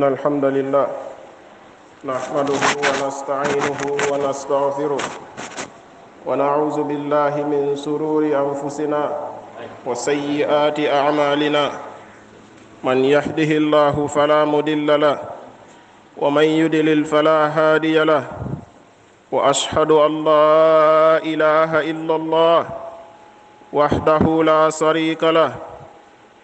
إن الحمد لله نحمده ونستعينه ونستغفره ونعوذ بالله من سرور أنفسنا وسيئات أعمالنا من يهده الله فلا مضل له ومن يدلل فلا هادي له وأشهد أن لا إله إلا الله وحده لا شريك له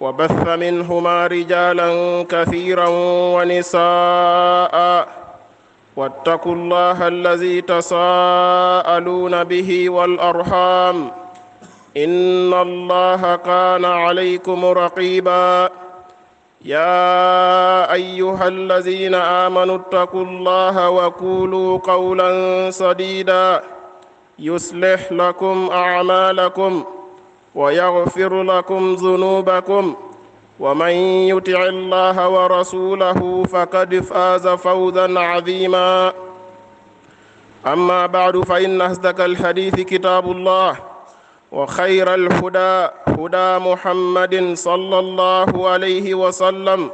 وبث منهما رجالا كثيرا ونساء واتقوا الله الذي تساءلون به والارحام ان الله كان عليكم رقيبا يا ايها الذين امنوا اتقوا الله وقولوا قولا سديدا يصلح لكم اعمالكم ويغفر لكم ذنوبكم ومن يطع الله ورسوله فقد فاز فوزا عظيما اما بعد فان اصدق الحديث كتاب الله وخير الهدى هدى محمد صلى الله عليه وسلم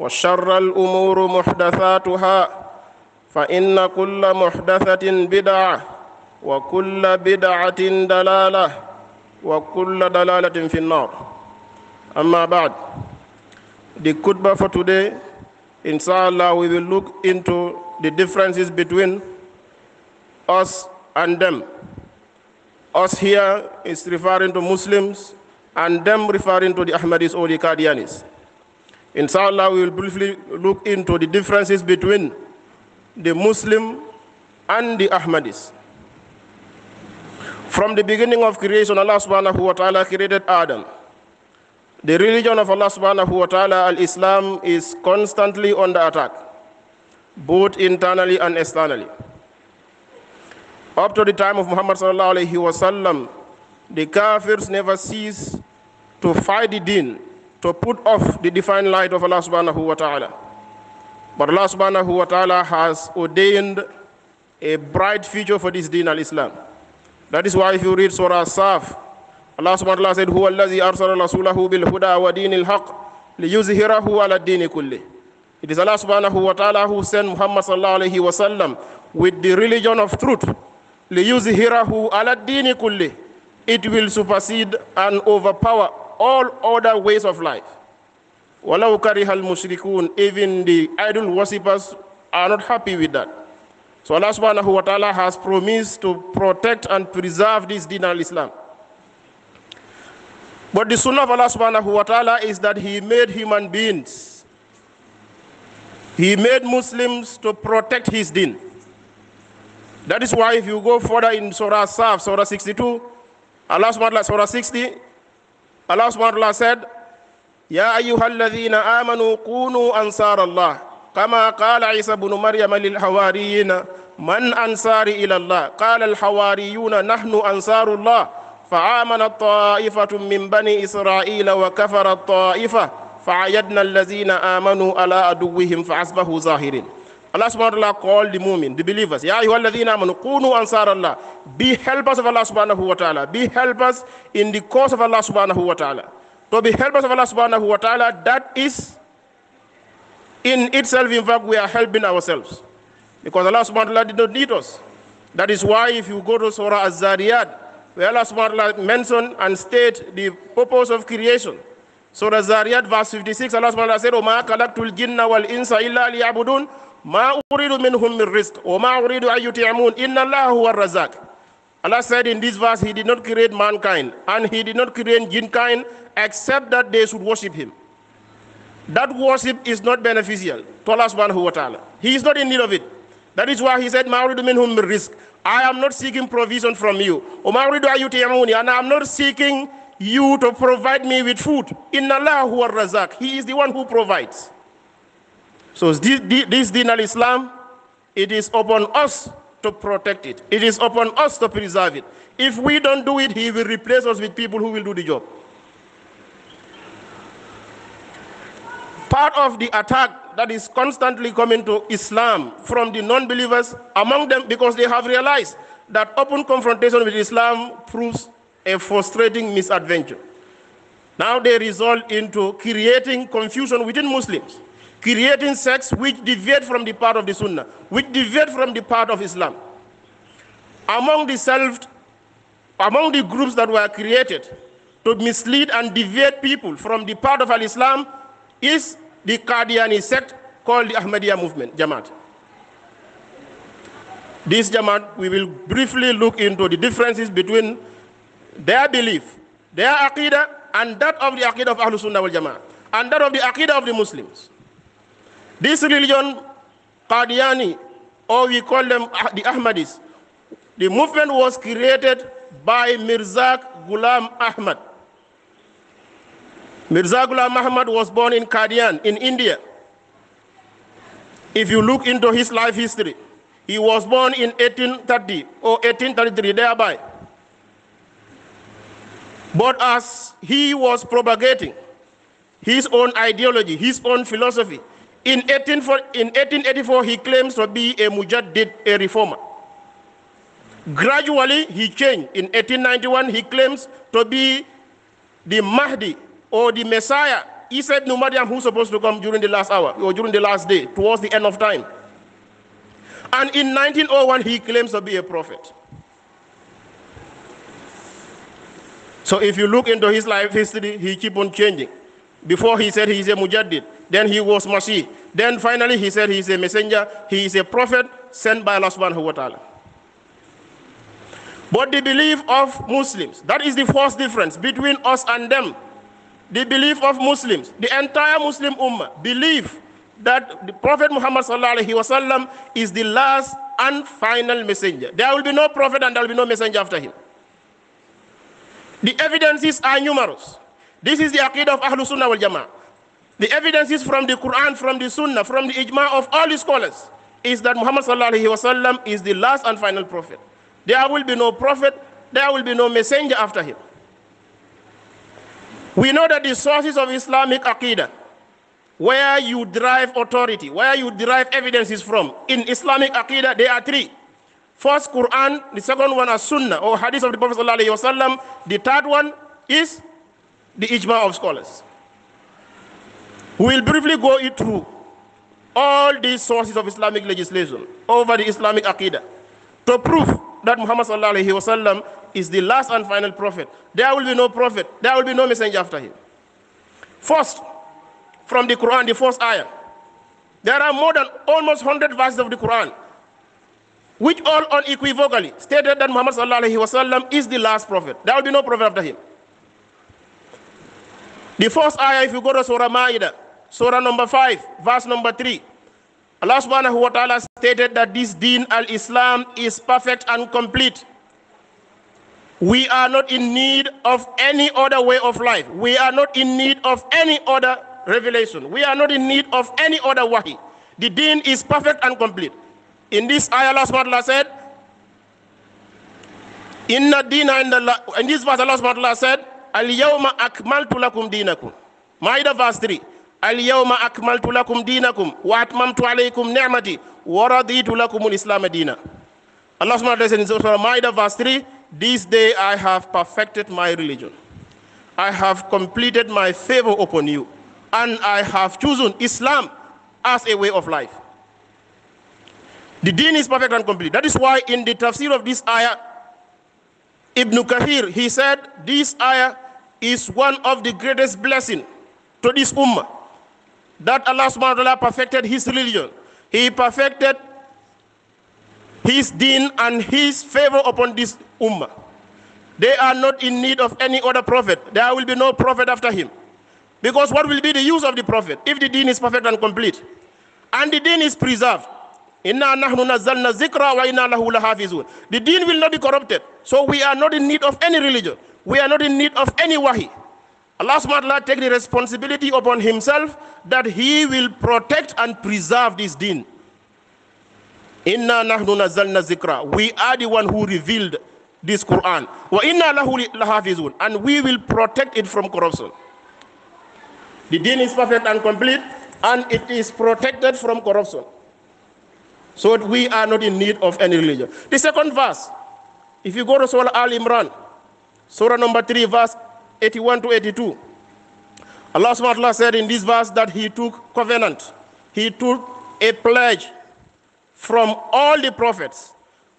وشر الامور محدثاتها فان كل محدثه بدعه وكل بدعه دلاله وكل دلالة في النار أما بعد the khutbah for today inshallah we will look into the differences between us and them us here is referring to Muslims and them referring to the Ahmadis or the Qadianis inshallah we will briefly look into the differences between the Muslim and the Ahmadis from the beginning of creation, Allah subhanahu wa ta'ala created Adam. The religion of Allah subhanahu wa ta'ala, Al Islam, is constantly under attack, both internally and externally. Up to the time of Muhammad sallallahu alayhi wa sallam, the Kafirs never cease to fight the deen, to put off the divine light of Allah subhanahu wa ta'ala. But Allah subhanahu wa ta'ala has ordained a bright future for this deen al Islam. That is why if you read Surah Saf, Allah subhanahu wa ta'ala said, هُوَ الَّذِي أَرْسَلَ رَسُولَهُ بِالْهُدَى وَدِينِ الْحَقِّ لِيُزْهِرَهُ عَلَى الدِّينِ كُلِّهِ It is Allah subhanahu wa ta'ala who sent Muhammad sallallahu alayhi wa sallam with the religion of truth. لِيُزْهِرَهُ عَلَى الدِّينِ كُلِّهِ It will supersede and overpower all other ways of life. وَلَوْ كَرِهَ Even the idol worshippers are not happy with that. So Allah subhanahu wa ta'ala has promised to protect and preserve this din al-Islam. But the sunnah of Allah subhanahu wa ta'ala is that he made human beings. He made Muslims to protect his din. That is why if you go further in Surah Saf, Surah 62, Allah subhanahu wa ta'ala, Surah 60, Allah subhanahu wa ta'ala said, Ya ayyuhalladhina amanu kunu ansar Allah. كما قال عيسى بن مريم للحواريين من أنصار إلى الله قال الحواريون نحن أنصار الله فآمن الطائفة من بني إسرائيل وكفر الطائفة فعيدنا الذين آمنوا على أدوهم فعصبه ظاهر الله سبحانه وتعالى قال للمؤمن the believers يا أيها الذين آمنوا كونوا أنصار الله be helpers of Allah سبحانه وتعالى be helpers in the cause of Allah سبحانه وتعالى to be helpers of Allah سبحانه وتعالى that is in itself, in fact, we are helping ourselves. Because Allah subhanahu wa ta'ala did not need us. That is why if you go to Surah Az-Zariyat, where Allah subhanahu wa ta'ala mentioned and state the purpose of creation. Surah Zariyat verse 56, Allah subhanahu wa ta'ala said, وَمَا كَلَقْتُ الْجِنَّ وَالْإِنسَ إِلَّا لِيَعْبُدُونَ مَا أُرِيدُ مِنْهُمْ مِنْ رِزْقٍ وَمَا أُرِيدُ أَنْ يُطِعِمُونَ إِنَّ اللَّهَ هُوَ الرَّزَّاقُ Allah said in this verse, He did not create mankind and He did not create jinkind except that they should worship Him. That worship is not beneficial to Allah subhanahu wa ta'ala. He is not in need of it. That is why he said, Ma'uridu minhum risk. I am not seeking provision from you. O And I am not seeking you to provide me with food. Inna Allah huwa razak. He is the one who provides. So this, this din al-Islam, it is upon us to protect it. It is upon us to preserve it. If we don't do it, he will replace us with people who will do the job. part of the attack that is constantly coming to Islam from the non believers among them because they have realized that open confrontation with Islam proves a frustrating misadventure. Now they result into creating confusion within Muslims, creating sects which deviate from the path of the Sunnah, which deviate from the path of Islam. Among the self, among the groups that were created to mislead and deviate people from the path of Al-Islam, is the Qadiani sect called the Ahmadiyya movement, Jamaat. This Jamaat, we will briefly look into the differences between their belief, their Aqidah, and that of the Aqidah of Ahlul Sunnah wal Jamaat, and that of the Aqidah of the Muslims. This religion, Qadiani, or we call them the Ahmadis, the movement was created by Mirzak Ghulam Ahmad Mirza Ghulam Ahmad was born in Kadian in India. If you look into his life history, he was born in 1830 or 1833 thereby. But as he was propagating his own ideology, his own philosophy, in, 18, in 1884 he claims to be a mujaddid, a reformer. Gradually he changed. In 1891 he claims to be the Mahdi, or the Messiah, he said, "No matter who's supposed to come during the last hour or during the last day, towards the end of time. And in 1901, he claims to be a prophet. So if you look into his life history, he keep on changing. Before he said he is a mujaddid, then he was Masih. Then finally he said he is a messenger, he is a prophet sent by Allah subhanahu wa ta'ala. But the belief of Muslims, that is the first difference between us and them the belief of Muslims, the entire Muslim Ummah, believe that the Prophet Muhammad wasallam is the last and final messenger. There will be no prophet and there will be no messenger after him. The evidences are numerous. This is the aqidah of Ahlul Sunnah wal Jama'ah. The evidences from the Quran, from the Sunnah, from the Ijma of all the scholars is that Muhammad wasallam is the last and final prophet. There will be no prophet, there will be no messenger after him. We know that the sources of Islamic Aqidah, where you derive authority, where you derive evidences from, in Islamic Aqidah, there are three. First, Quran, the second one is Sunnah or Hadith of the Prophet. ﷺ. The third one is the Ijma of scholars. We'll briefly go through all these sources of Islamic legislation over the Islamic Aqidah to prove that Muhammad sallallahu alaihi wasallam is the last and final prophet. There will be no prophet. There will be no messenger after him. First, from the Quran, the first ayah. There are more than almost 100 verses of the Quran which all unequivocally stated that Muhammad sallallahu alaihi wasallam is the last prophet. There will be no prophet after him. The first ayah, if you go to Surah Ma'idah, Surah number 5, verse number 3, Allah subhanahu wa ta'ala stated that this deen al-Islam is perfect and complete. We are not in need of any other way of life. We are not in need of any other revelation. We are not in need of any other wahi. The deen is perfect and complete. In this ayah, Allah subhanahu wa ta'ala said, Inna Deena in, the, in this verse, Allah subhanahu wa ta'ala said, Al-yawma akmaltu lakum dinakum. Maida verse 3. اليوم أكملت لكم دينكم وأتممت عليكم نعمتي ورضيت لكم الإسلام دينا Allah subhanahu wa ta'ala says in Surah Ma'idah verse 3, This day I have perfected my religion. I have completed my favor upon you. And I have chosen Islam as a way of life. The deen is perfect and complete. That is why in the tafsir of this ayah, Ibn Kathir, he said, this ayah is one of the greatest blessing to this ummah that Allah subhanahu wa ta'ala perfected his religion. He perfected his deen and his favor upon this ummah. They are not in need of any other prophet. There will be no prophet after him. Because what will be the use of the prophet if the deen is perfect and complete? And the deen is preserved. The deen will not be corrupted. So we are not in need of any religion. We are not in need of any wahi. Allah SWT take the responsibility upon himself that he will protect and preserve this deen. Inna nahnu nazalna zikra. We are the one who revealed this Quran. Wa inna lahu lahafizun. And we will protect it from corruption. The deen is perfect and complete and it is protected from corruption. So we are not in need of any religion. The second verse, if you go to Surah Al Imran, Surah number 3, verse 81 to 82. Allah subhanahu wa ta'ala said in this verse that he took covenant. He took a pledge from all the prophets.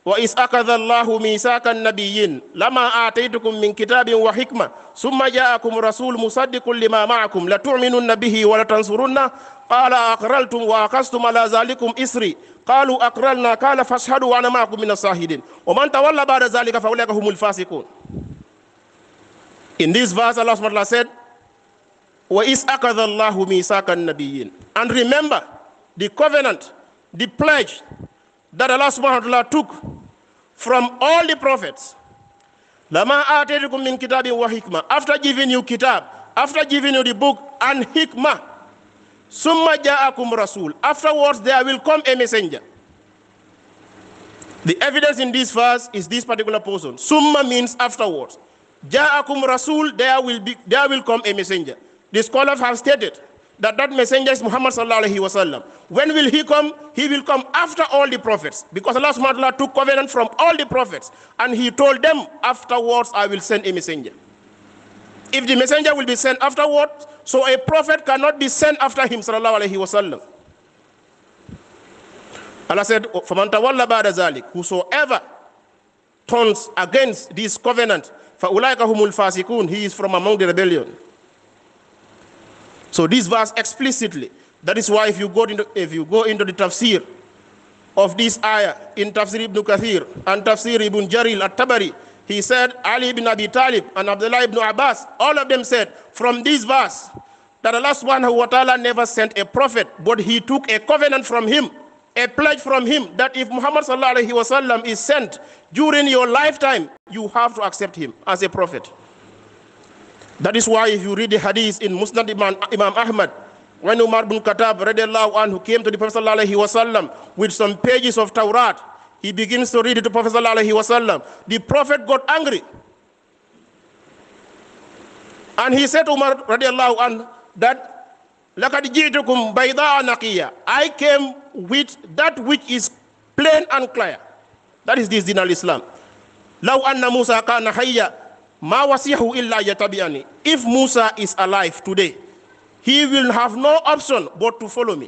وإذ أخذ الله ميثاق النبيين لما آتيتكم من كتاب وحكمة ثم جاءكم رسول مصدق لما معكم لتؤمنن به ولتنصرنه قال أقرلتم وأخذتم على ذلكم إسري قالوا أقرلنا قال فاشهدوا وأنا معكم من الشاهدين ومن تولى بعد ذلك فأولئك هم الفاسقون in this verse, Allah subhanahu wa ta'ala said, وَإِذْ اللَّهُ مِيثَاقَ النَّبِيِّينَ And remember the covenant, the pledge that Allah subhanahu wa ta'ala took from all the prophets. لَمَا آتَيْتُكُم مِّن كِتَابٍ وَحِكْمَةٍ After giving you kitab, after giving you the book and hikmah, summa akum rasul. Afterwards, there will come a messenger. The evidence in this verse is this particular portion. Summa means afterwards. Ja'akum Rasul, there will, be, there will come a messenger. The scholars have stated that that messenger is Muhammad sallallahu alaihi wasallam. When will he come? He will come after all the prophets because Allah subhanahu wa ta'ala took covenant from all the prophets and he told them afterwards I will send a messenger. If the messenger will be sent afterwards, so a prophet cannot be sent after him sallallahu alaihi wasallam. Allah said, "Faman tawalla ba'da zalik, whosoever turns against this covenant, فَأُولَٰئِكَ هُمُ الْفَاسِقُونَ He is from among the rebellion. So this verse explicitly, that is why if you go into, if you go into the tafsir of this ayah in Tafsir ibn Kathir and Tafsir ibn Jaril at-Tabari, he said Ali ibn Abi Talib and Abdullah ibn Abbas, all of them said from this verse that Allah subhanahu wa ta'ala never sent a prophet, but he took a covenant from him a pledge from him that if Muhammad wasallam is sent during your lifetime, you have to accept him as a prophet. That is why if you read the hadith in Musnad Imam, Imam Ahmad, when Umar bin Khattab radiallahu anhu came to the Prophet sallallahu wasallam with some pages of Taurat, he begins to read it to Prophet sallallahu wasallam. The Prophet got angry. And he said to Umar radiallahu anhu that لَقَدْ جِئْتُكُمْ بَيْضَاءَ نَقِيَّةً I came with that which is plain and clear. That is this din al-Islam. لَوْ أَنَّ مُوسَى كَانَ حَيًّا مَا وَسِيهُ إِلَّا يَتَبِعَنِي If Musa is alive today, he will have no option but to follow me.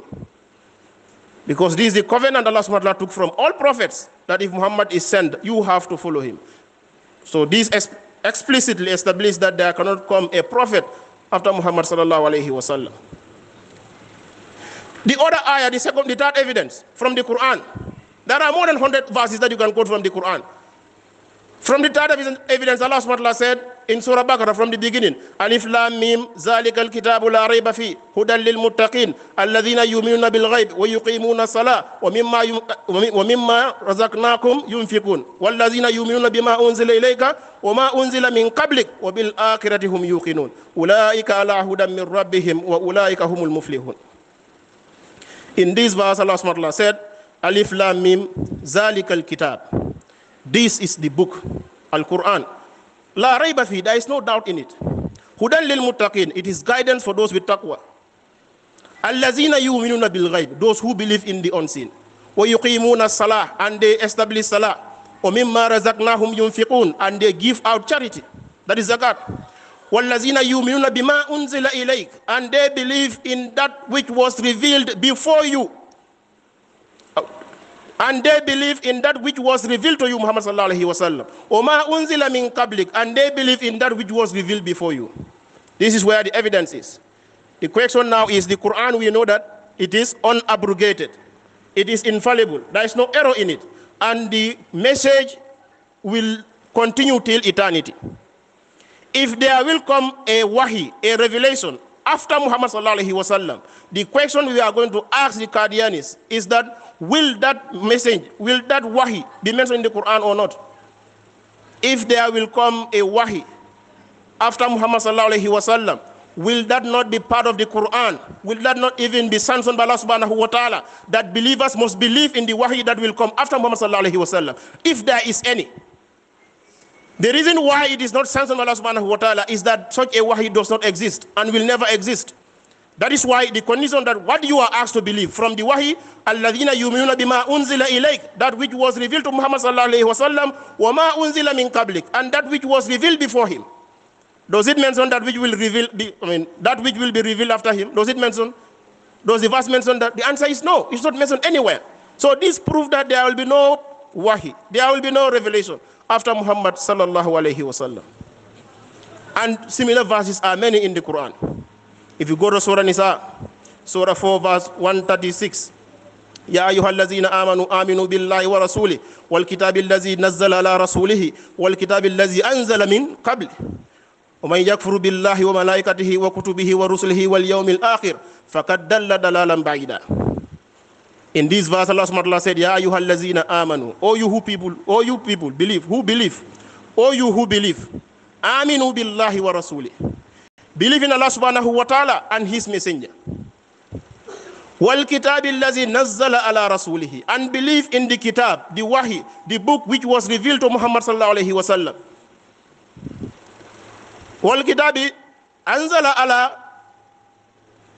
Because this is the covenant Allah SWT took from all prophets that if Muhammad is sent, you have to follow him. So this explicitly established that there cannot come a prophet after Muhammad sallallahu alayhi wasallam. The other ayah, the second, the third evidence from the Quran. There are more than 100 verses that you can quote from the Quran. From the third evidence, Allah SWT said in Surah Baqarah from the beginning, Alif Lam Mim, ذَلِكَ الْكِتَابُ لَا رَيْبَ فِيهِ هُدًى لِلْمُتَّقِينَ الَّذِينَ يُؤْمِنُونَ بِالْغَيْبِ وَيُقِيمُونَ الصَّلَاةَ وَمِمَّا وَمِمَّا رَزَقْنَاكُمْ يُنْفِقُونَ وَالَّذِينَ يُؤْمِنُونَ بِمَا أُنْزِلَ إِلَيْكَ وَمَا أُنْزِلَ مِنْ قَبْلِكَ وَبِالْآخِرَةِ هُمْ يُوقِنُونَ أُولَئِكَ عَلَى هُدًى مِنْ رَبِّهِمْ وَأُولَئِكَ هُمُ الْمُفْلِحُونَ In this verse, Allah SWT said, Alif Lam Mim Zalikal Kitab. This is the book, Al Quran. La rayba fi, there is no doubt in it. Hudan lil Mutakin, it is guidance for those with taqwa. Allazina yu'minuna bil ghaib, those who believe in the unseen. Wa yuqimuna salah, and they establish salah. Wa mimma razaqnahum yunfiqun, and they give out charity. That is zakat. وَالَّذِينَ يُؤْمِنُونَ بِمَا أُنْزِلَ إِلَيْكَ And they believe in that which was revealed before you. And they believe in that which was revealed to you, Muhammad sallallahu alayhi wa sallam. وَمَا أُنْزِلَ مِنْ قَبْلِكَ And they believe in that which was revealed before you. This is where the evidence is. The question now is the Quran, we know that it is unabrogated. It is infallible. There is no error in it. And the message will continue till eternity. If there will come a wahi, a revelation after Muhammad sallallahu wasallam, the question we are going to ask the Qadianis is that will that message, will that wahi be mentioned in the Quran or not? If there will come a wahi after Muhammad sallallahu wasallam, will that not be part of the Quran? Will that not even be sanctioned by Allah subhanahu wa ta'ala that believers must believe in the wahi that will come after Muhammad sallallahu wasallam, if there is any? The reason why it is not sanctioned by Allah subhanahu wa ta'ala is that such a wahi does not exist and will never exist. That is why the condition that what you are asked to believe from the wahi, alladhina yuminuna bima unzila ilayk, that which was revealed to Muhammad sallallahu alayhi wa sallam, wa ma unzila min kablik and that which was revealed before him. Does it mention that which will reveal, be, I mean, that which will be revealed after him? Does it mention? Does the verse mention that? The answer is no. It's not mentioned anywhere. So this proves that there will be no wahi. There will be no revelation after Muhammad sallallahu alayhi wasallam. And similar verses are many in the Quran. If you go to Surah Nisa, Surah 4 verse 136, يا أيها الذين آمنوا آمنوا بالله ورسوله والكتاب الذي نزل على رسوله والكتاب الذي أنزل من قبل ومن يكفر بالله وملائكته وكتبه ورسله واليوم الآخر فقد دل دلالا بعيدا in this verse, Allah subhanahu said, Ya ayyuhallazina amanu. O you who people, O you people believe, who believe, O you who believe. Aminu billahi wa rasuli. Believe in Allah subhanahu wa ta'ala and his messenger. Wal kitab allazi nazzala ala rasulihi. And believe in the kitab, the wahi, the book which was revealed to Muhammad sallallahu alayhi wa sallam. Wal kitabi anzala ala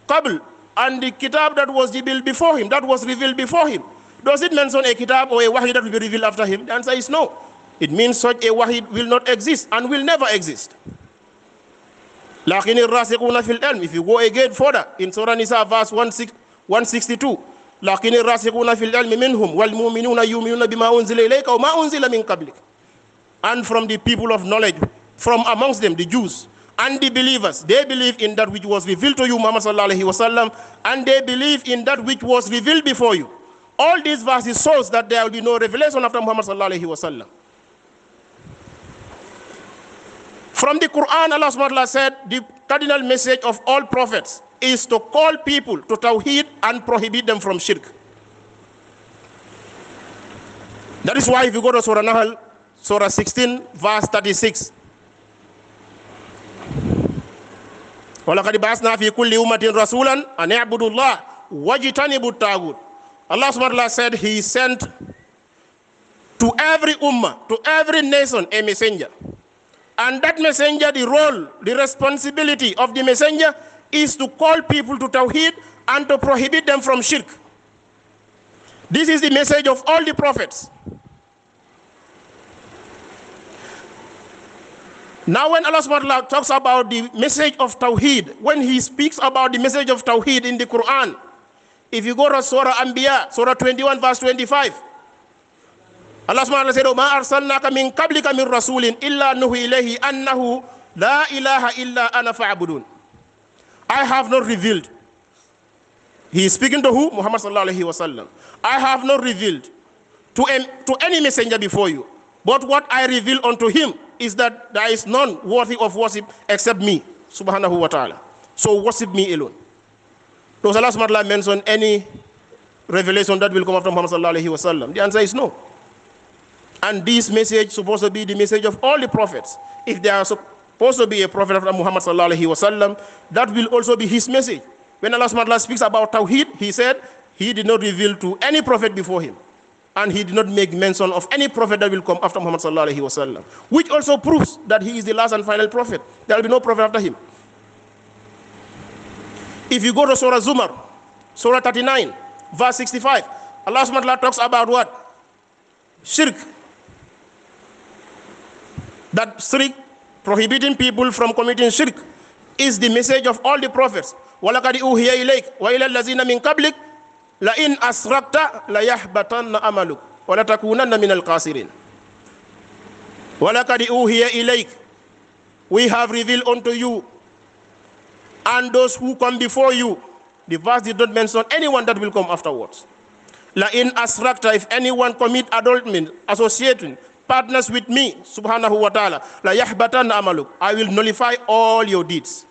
qabl and the kitab that was revealed before him, that was revealed before him. Does it mention a kitab or a wahid that will be revealed after him? The answer is no. It means such a wahid will not exist and will never exist. لكن الراسخون في العلم if you go again further in Surah Nisa verse 162 لكن الراسخون في العلم منهم والمؤمنون يؤمنون بما أنزل إليك وما أنزل من قبلك and from the people of knowledge from amongst them the Jews and the believers they believe in that which was revealed to you muhammad sallallahu wasallam and they believe in that which was revealed before you all these verses shows that there will be no revelation after muhammad sallallahu wasallam from the quran allah subhanahu said the cardinal message of all prophets is to call people to tawheed and prohibit them from shirk that is why if you go to surah nahl surah 16 verse 36 walaqad baasna fi kulli ummatin rasulan an i'budu llah wajtanibu tagut allah subhanahu wa ta'ala said he sent to every ummah to every nation a messenger and that messenger the role the responsibility of the messenger is to call people to tawhid and to prohibit them from shirk this is the message of all the prophets Now, when Allah subhanahu talks about the message of Tawheed, when He speaks about the message of Tawheed in the Quran, if you go to Surah Anbiya, Surah 21, verse 25, Allah subhanahu wa ta'ala said, وَمَا أَرْسَلْنَاكَ مِنْ قَبْلِكَ مِنْ رَسُولٍ إِلَّا نُهِي إِلَيْهِ أَنَّهُ لَا إِلَهَ إِلَّا أَنَا فَعْبُدُونَ I have not revealed. He is speaking to who? Muhammad sallallahu alayhi wa sallam. I have not revealed to, to any messenger before you, but what I reveal unto him is that there is none worthy of worship except me, subhanahu wa ta'ala. So worship me alone. Does Allah subhanahu wa ta'ala mention any revelation that will come from Muhammad sallallahu wa sallam? The answer is no. And this message supposed to be the message of all the prophets. If there are supposed to be a prophet after Muhammad sallallahu alayhi wa sallam, that will also be his message. When Allah subhanahu wa ta'ala speaks about Tawheed, he said, he did not reveal to any prophet before him and he did not make mention of any prophet that will come after Muhammad sallallahu alaihi wasallam, which also proves that he is the last and final prophet. There will be no prophet after him. If you go to Surah Zumar, Surah 39, verse 65, Allah subhanahu wa ta'ala talks about what? Shirk. That shirk, prohibiting people from committing shirk, is the message of all the prophets la in asrakta la yahbatanna amaluk wala takunanna min alqasirin walaqad uhiya ilayk we have revealed unto you and those who come before you the verse did not mention anyone that will come afterwards la in asrakta if anyone commit adultery associating partners with me subhanahu wa ta'ala la yahbatanna amaluk i will nullify all your deeds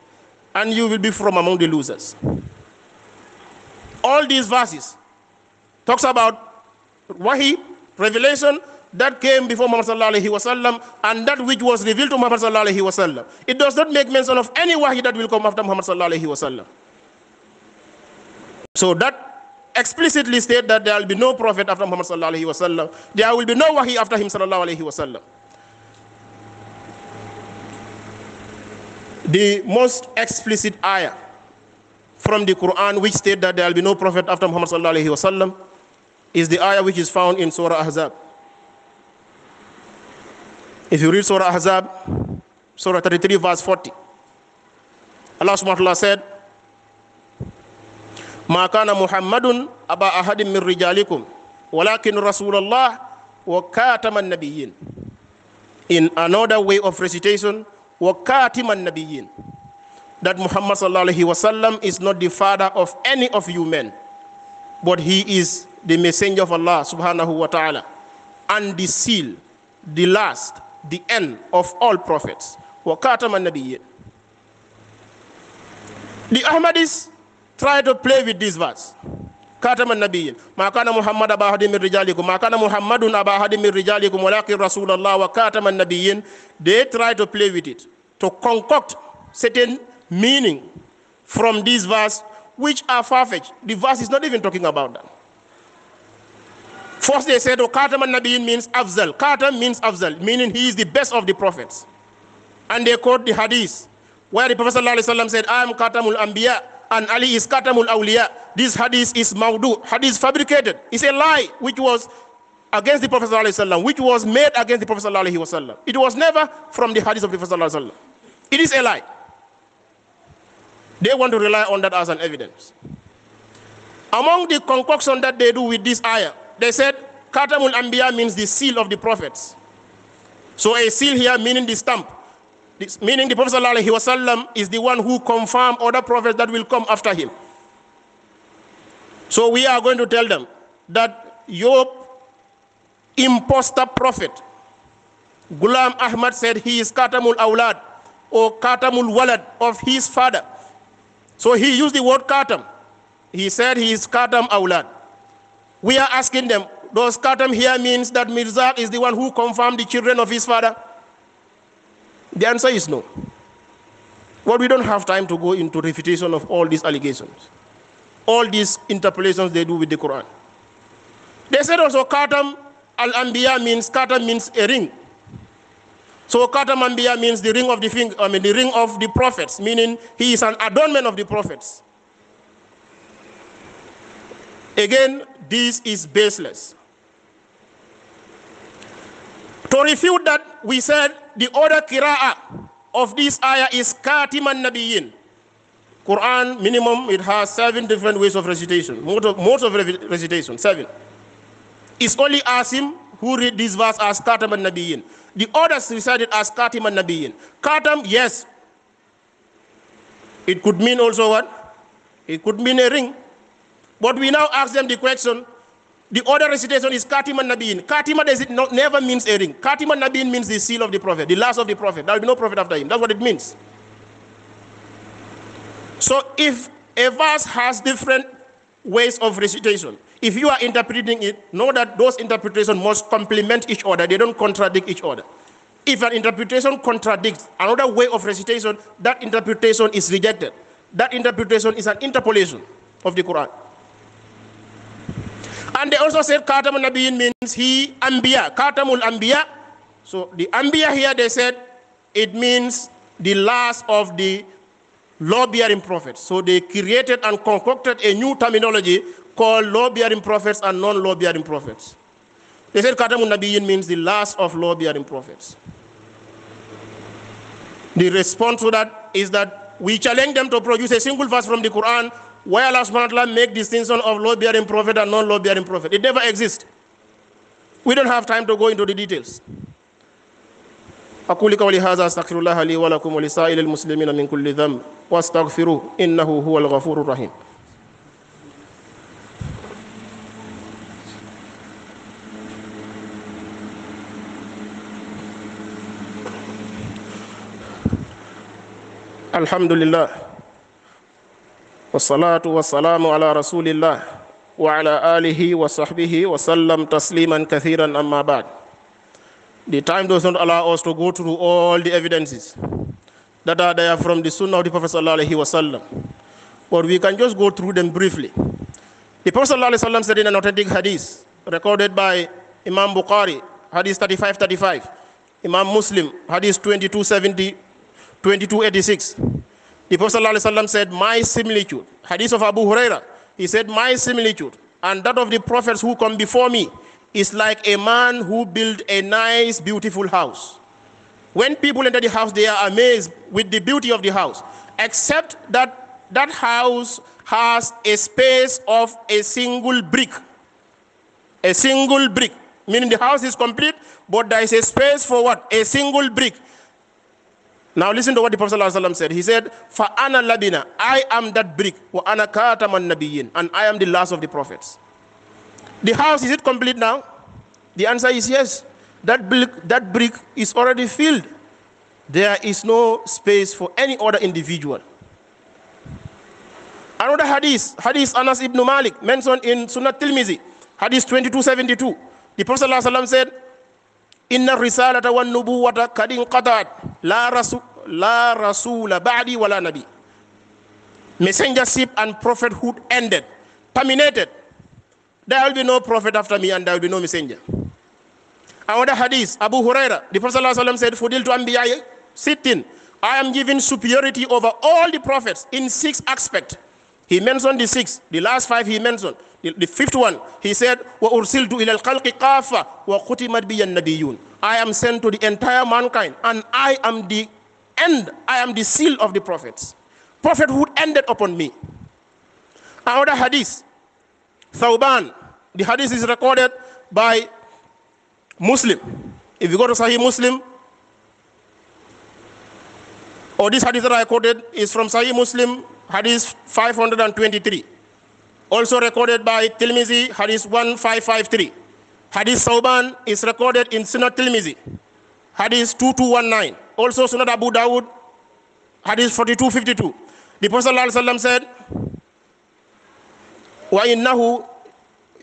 and you will be from among the losers all these verses talks about wahi, revelation that came before Muhammad sallallahu wasallam and that which was revealed to Muhammad sallallahu wasallam. It does not make mention of any wahi that will come after Muhammad sallallahu wasallam. So that explicitly state that there will be no prophet after Muhammad sallallahu alaihi wasallam. There will be no wahi after him sallallahu alaihi wasallam. The most explicit ayah from the Quran which state that there will be no prophet after Muhammad sallallahu wasallam is the ayah which is found in Surah Ahzab. If you read Surah Ahzab, Surah 33 verse 40, Allah subhanahu wa ta'ala said, ما كان محمد أبا أحد من رجالكم ولكن رسول الله وكاتم النبيين in another way of recitation وكاتم النبيين that Muhammad wasallam is not the father of any of you men, but he is the messenger of Allah subhanahu wa ta'ala and the seal, the last, the end of all prophets. Wakatam and Nabiyyin. The Ahmadis try to play with this verse. كاتم النبي ما كان محمد أبا أحد من رجالكم ما كان محمد أبا أحد من رجالكم ولكن رسول الله وكاتم النبيين they try to play with it to concoct certain meaning from this verse which are far-fetched. The verse is not even talking about that. First they said, oh, Khatam al-Nabiyin means Afzal. Khatam means Afzal, meaning he is the best of the prophets. And they quote the hadith, where the Prophet ﷺ said, I am Khatamul Anbiya, and Ali is Khatamul Awliya. This hadith is maudu, hadith fabricated. It's a lie which was against the Prophet ﷺ, which was made against the Prophet ﷺ. It was never from the hadith of the Prophet ﷺ. It is a lie. They want to rely on that as an evidence. Among the concoction that they do with this ayah, they said Katamul Anbiya means the seal of the prophets. So a seal here meaning the stamp. This, meaning the Prophet ﷺ is the one who confirmed other prophets that will come after him. So we are going to tell them that your impostor prophet, Ghulam Ahmad said he is Katamul Awlad or Katamul Walad of his father. So he used the word katam. He said he is katam awlad. We are asking them, does katam here means that Mirza is the one who confirmed the children of his father? The answer is no. Well, we don't have time to go into refutation of all these allegations, all these interpolations they do with the Quran. They said also katam al-anbiya means katam means a ring. So Katamambia means the ring of the finger, I mean the ring of the prophets, meaning he is an adornment of the prophets. Again, this is baseless. To refute that, we said the order kira'a of this ayah is Katiman Nabiyin. Quran, minimum, it has seven different ways of recitation, modes of, of recitation, seven. It's only Asim who read this verse as Kataman Nabiyin. The others recited as Katim and Nabiyin. Katam, yes. It could mean also what? It could mean a ring. But we now ask them the question. The other recitation is Katim and Nabiyin. Katima does it not, never means a ring. Katim and Nabiyin means the seal of the prophet, the last of the prophet. There will be no prophet after him. That's what it means. So if a verse has different ways of recitation, if you are interpreting it, know that those interpretations must complement each other, they don't contradict each other. If an interpretation contradicts another way of recitation, that interpretation is rejected. That interpretation is an interpolation of the Quran. And they also said Khatamul Nabiyin means he Ambiya, Khatamul Ambiya. So the Ambiya here they said it means the last of the law-bearing prophets. So they created and concocted a new terminology called law-bearing prophets and non-law-bearing prophets. They said Khatamun Nabiyyin means the last of law-bearing prophets. The response to that is that we challenge them to produce a single verse from the Quran where Allah subhanahu wa ta'ala make distinction of law-bearing prophet and non-law-bearing prophet. It never exists. We don't have time to go into the details. أقول قولي هذا أستغفر الله لي ولكم ولسائر المسلمين من كل ذنب واستغفروه إنه هو الغفور الرحيم الحمد لله والصلاة والسلام على رسول الله وعلى آله وصحبه وسلم تسليما كثيرا أما بعد the time does not allow us to go through all the evidences that are there from the sunnah of the prophet sallallahu alaihi wasallam but we can just go through them briefly the prophet sallallahu alaihi wasallam said in an authentic hadith recorded by imam bukhari hadith 3535 imam muslim hadith 2270 2286. The Prophet ﷺ said, My similitude. Hadith of Abu Huraira. He said, My similitude and that of the prophets who come before me is like a man who built a nice, beautiful house. When people enter the house, they are amazed with the beauty of the house, except that that house has a space of a single brick. A single brick. Meaning the house is complete, but there is a space for what? A single brick. Now listen to what the Prophet ﷺ said. He said, "Fa'ana ladina, I am that brick, wa ana kataman nabiyin, and I am the last of the prophets." The house is it complete now? The answer is yes. That brick, that brick is already filled. There is no space for any other individual. Another hadith, hadith Anas ibn Malik, mentioned in Sunnah Tirmidhi, hadith 2272. The Prophet ﷺ said, "Inna risalata wan nubuwata kadin qatat." La, rasul, la rasula ba'di wala nabi. Messengership and prophethood ended, terminated. There will be no prophet after me and there will be no messenger. Another hadith, Abu Huraira, the Prophet ﷺ said, Fudil to Anbiya sitting. I am giving superiority over all the prophets in six aspects. He mentioned the six, the last five he mentioned. The, the fifth one, he said, وَأُرْسِلْتُ إِلَى الْخَلْقِ قَافَ وَخُتِمَتْ بِيَ النَّبِيُّونَ I am sent to the entire mankind, and I am the end, I am the seal of the prophets. Prophethood ended upon me. Another hadith, Thawban, the hadith is recorded by Muslim. If you go to Sahih Muslim, or this hadith that I quoted is from Sahih Muslim hadith 523. Also recorded by Tilmizi, hadith 1553. Hadith Sauban is recorded in Sunnah Tilmizi, hadith 2219. Also Sunnah Abu Dawud, hadith 4252. The Prophet ﷺ said, وَإِنَّهُ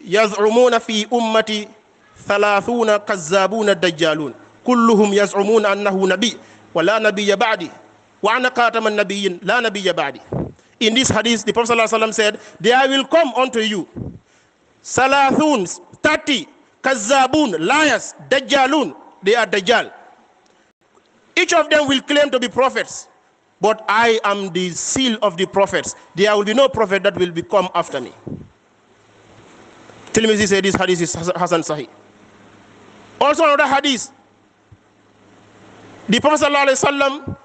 يَزْعُمُونَ فِي أُمَّتِي ثَلَاثُونَ كَذَّابُونَ الدَّجَّالُونَ كلهم يزعمون أنه نبي ولا نبي بعدي وأنا قَاتِمَ النبيين لا نبي بعدي in this hadith, the Prophet ﷺ said, There will come unto you Salathun, 30, Kazzabun, liars, Dajjalun, they are Dajjal. Each of them will claim to be prophets, but I am the seal of the prophets. There will be no prophet that will become after me. Tirmidhi said this hadith is Hassan Sahih. Also another hadith, the Prophet ﷺ,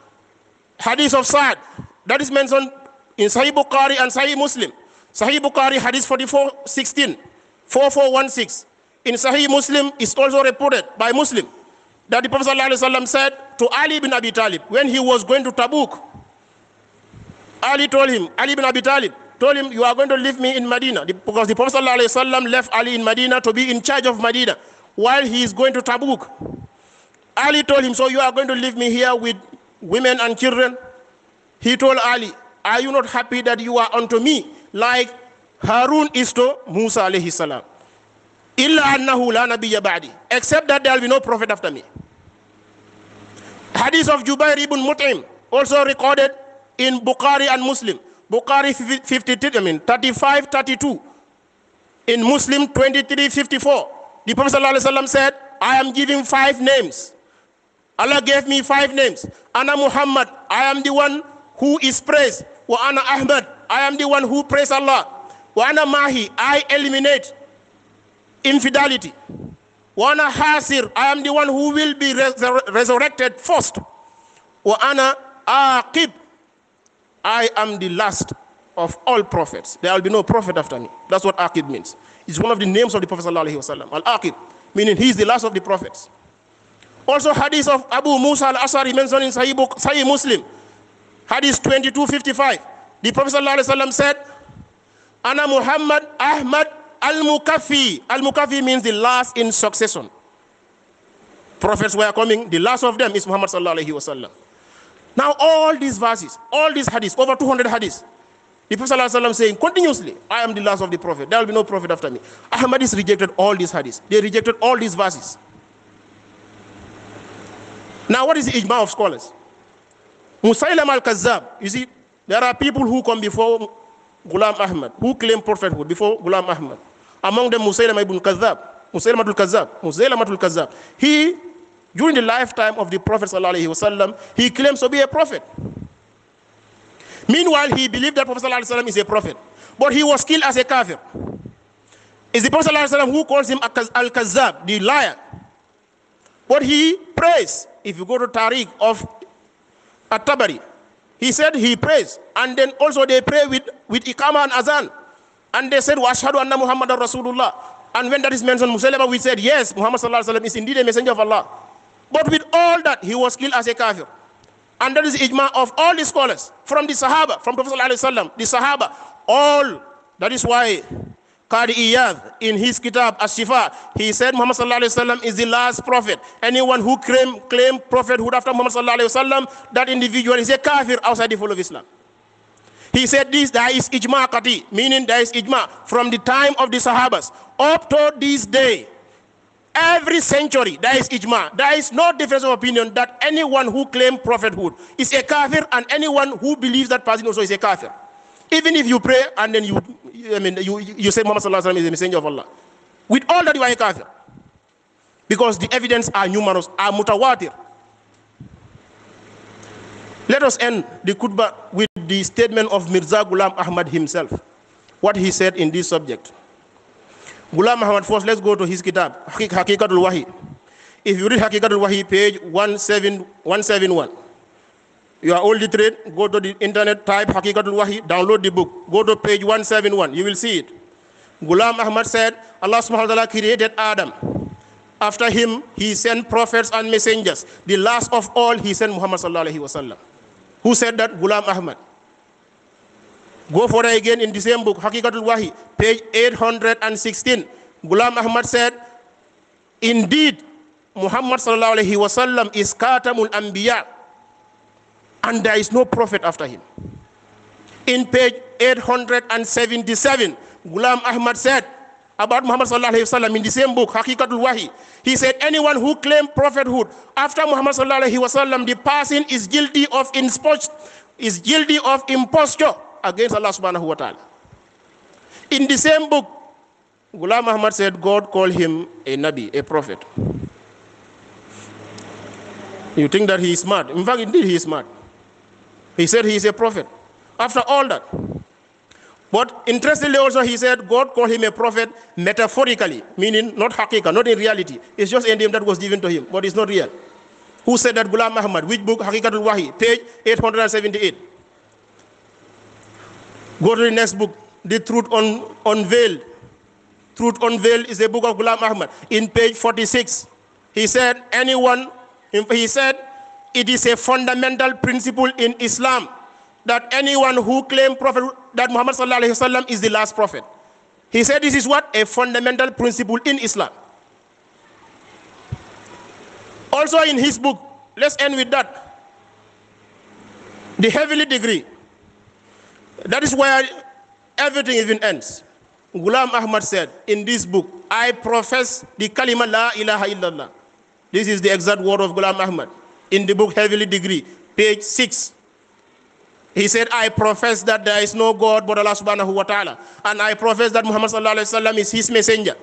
hadith of Sa'd, that is mentioned in Sahih Bukhari and Sahih Muslim. Sahih Bukhari, Hadith 4416, 4416. In Sahih Muslim, it is also reported by Muslim that the Prophet ﷺ said to Ali bin Abi Talib when he was going to Tabuk, Ali told him, Ali bin Abi Talib told him, You are going to leave me in Medina because the Prophet ﷺ left Ali in Medina to be in charge of Medina while he is going to Tabuk. Ali told him, So you are going to leave me here with women and children? He told Ali, are you not happy that you are unto me? Like Harun is to Musa alayhi salam. Illa annahu la nabiyya ba'di. Except that there will be no prophet after me. Hadith of Jubair ibn Mut'im also recorded in Bukhari and Muslim. Bukhari 53, I mean 35, 32. In Muslim 23, 54. The Prophet ﷺ said, I am giving five names. Allah gave me five names. Anna Muhammad, I am the one who is praised. Wa ana Ahmad, I am the one who prays Allah. Wa ana Mahi, I eliminate infidelity. Wa ana Hasir, I am the one who will be resur resurrected first. Wa ana Aqib, I am the last of all prophets. There will be no prophet after me. That's what Aqib means. It's one of the names of the Prophet Al-Aqib, meaning he is the last of the prophets. Also hadith of Abu Musa al-Asari mentioned in Sahih, Sahih Muslim Hadith 2255. The Prophet ﷺ said, Ana Muhammad Ahmad Al-Mukafi. Al-Mukafi means the last in succession. Prophets were coming. The last of them is Muhammad sallallahu Now all these verses, all these hadiths, over 200 hadiths, the Prophet sallallahu saying continuously, I am the last of the prophet. There will be no prophet after me. Ahmadis rejected all these hadiths. They rejected all these verses. Now what is the ijma of scholars? Musaylam al-Kazzab, you see, there are people who come before Ghulam Ahmad, who claim prophethood before Ghulam Ahmad. Among them, Musaylam ibn Kazzab, Musaylam al-Kazzab, Musaylam al-Kazzab. He, during the lifetime of the Prophet wasallam, he claims to be a prophet. Meanwhile, he believed that Prophet wasallam is a prophet, but he was killed as a kafir. It's the Prophet wasallam who calls him Al Kazab, the liar. But he prays. If you go to Tariq of at Tabari. He said he prays. And then also they pray with, with Ikama and Azan. And they said, Washhadu anna Muhammad Rasulullah. And when that is mentioned, Musaylama, we said, yes, Muhammad Wasallam is indeed a messenger of Allah. But with all that, he was killed as a kafir. And that is ijma of all the scholars, from the Sahaba, from Prophet Sallallahu Alaihi Wasallam, the Sahaba, all. That is why Qadi Iyad, in his kitab Ashifa, he said Muhammad sallallahu alaihi wasallam is the last prophet. Anyone who claim, claim prophethood after Muhammad sallallahu alaihi wasallam, that individual is a kafir outside the fold of Islam. He said this, there is ijma qati, meaning there is ijma from the time of the Sahabas up to this day. Every century, there is ijma. There is no difference of opinion that anyone who claim prophethood is a kafir and anyone who believes that person also is a kafir. Even if you pray and then you I mean, you, you say Muhammad sallallahu alaihi wasallam is a messenger of Allah. With all that you are a kafir. Because the evidence are numerous, are mutawatir. Let us end the khutbah with the statement of Mirza Ghulam Ahmad himself. What he said in this subject. Ghulam Ahmad, first let's go to his kitab, Hakikatul Wahi. If you read Hakikatul Wahi, page 171. You are all literate. Go to the internet, type Hakikatul Wahi, download the book. Go to page 171. You will see it. Ghulam Ahmad said, Allah subhanahu wa ta'ala created Adam. After him, he sent prophets and messengers. The last of all, he sent Muhammad sallallahu Who said that? Ghulam Ahmad. Go for it again in the same book, Hakikatul Wahi, page 816. Ghulam Ahmad said, Indeed, Muhammad sallallahu alayhi wa sallam is Katamul Anbiya and there is no prophet after him. In page 877, Ghulam Ahmad said about Muhammad sallallahu alaihi wasallam in the same book, Hakikatul Wahi, he said, anyone who claimed prophethood after Muhammad sallallahu wasallam, the person is guilty of imposture, is guilty of imposture against Allah subhanahu wa ta'ala. In the same book, Ghulam Ahmad said God called him a Nabi, a prophet. You think that he is smart. In fact, indeed, he is smart. He said he is a prophet. After all that, but interestingly also he said God called him a prophet metaphorically, meaning not hakika, not in reality. It's just a name that was given to him, but it's not real. Who said that Ghulam Muhammad? Which book? Hakikatul Wahi, page 878. Go to the next book, The Truth Un- Unveiled. Truth Unveiled is a book of Ghulam Muhammad. In page 46, he said, anyone, he said, it is a fundamental principle in Islam that anyone who claims prophet that Muhammad وسلم, is the last prophet. He said this is what? A fundamental principle in Islam. Also in his book, let's end with that. The heavenly degree. That is where everything even ends. Ghulam Ahmad said in this book, I profess the kalima la ilaha illallah. This is the exact word of Ghulam Ahmad in the book Heavenly Degree, page 6. He said, I profess that there is no God but Allah subhanahu wa ta'ala. And I profess that Muhammad sallallahu alayhi wa is his messenger.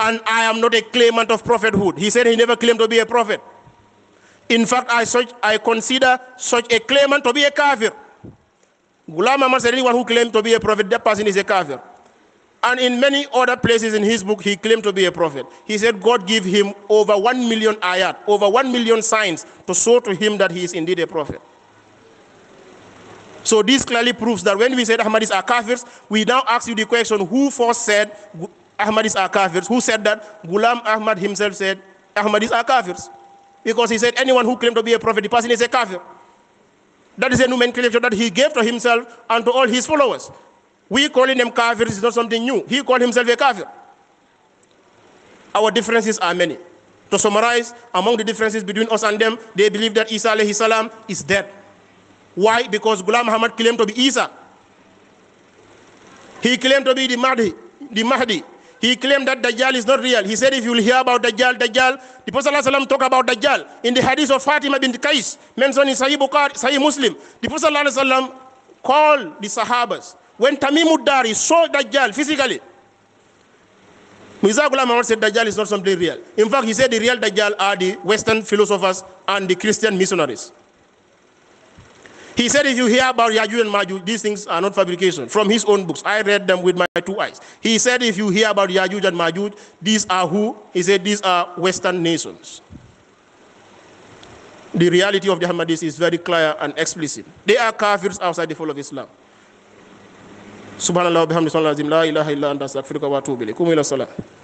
And I am not a claimant of prophethood. He said he never claimed to be a prophet. In fact, I, such, I consider such a claimant to be a kafir. Ghulam Ahmad said anyone who claims to be a prophet, that person is a kafir. And in many other places in his book, he claimed to be a prophet. He said God gave him over 1 million ayat, over 1 million signs to show to him that he is indeed a prophet. So this clearly proves that when we said Ahmadis are kafirs, we now ask you the question, who first said Ahmadis are kafirs? Who said that? Ghulam Ahmad himself said Ahmadis are kafirs. Because he said anyone who claimed to be a prophet, the person is a kafir. That is a nomenclature that he gave to himself and to all his followers. We calling them kafir is not something new. He called himself a kafir. Our differences are many. To summarize, among the differences between us and them, they believe that Isa alayhi salam is dead. Why? Because Ghulam Muhammad claimed to be Isa. He claimed to be the Mahdi. The Mahdi. He claimed that Dajjal is not real. He said, if you will hear about Dajjal, Dajjal, the Prophet Salam talked about Dajjal in the hadith of Fatima bin Qais, mentioned in Sahih Bukhari, Sahih Muslim. The Prophet Salam called the Sahabas when Tamim Dari saw Dajjal physically, Mizakul Ahmad said Dajjal is not something real. In fact, he said the real Dajjal are the Western philosophers and the Christian missionaries. He said, if you hear about Yajuj and Majuj, these things are not fabrication. From his own books, I read them with my two eyes. He said, if you hear about Yajuj and Majuj, these are who? He said, these are Western nations. The reality of the Ahmadis is very clear and explicit. They are kafirs outside the fold of Islam. subhanallahi wa bihamdihi subhanallahi la ilaha illa anta astaghfiruka wa atubu ilaik. Kumu ila sala.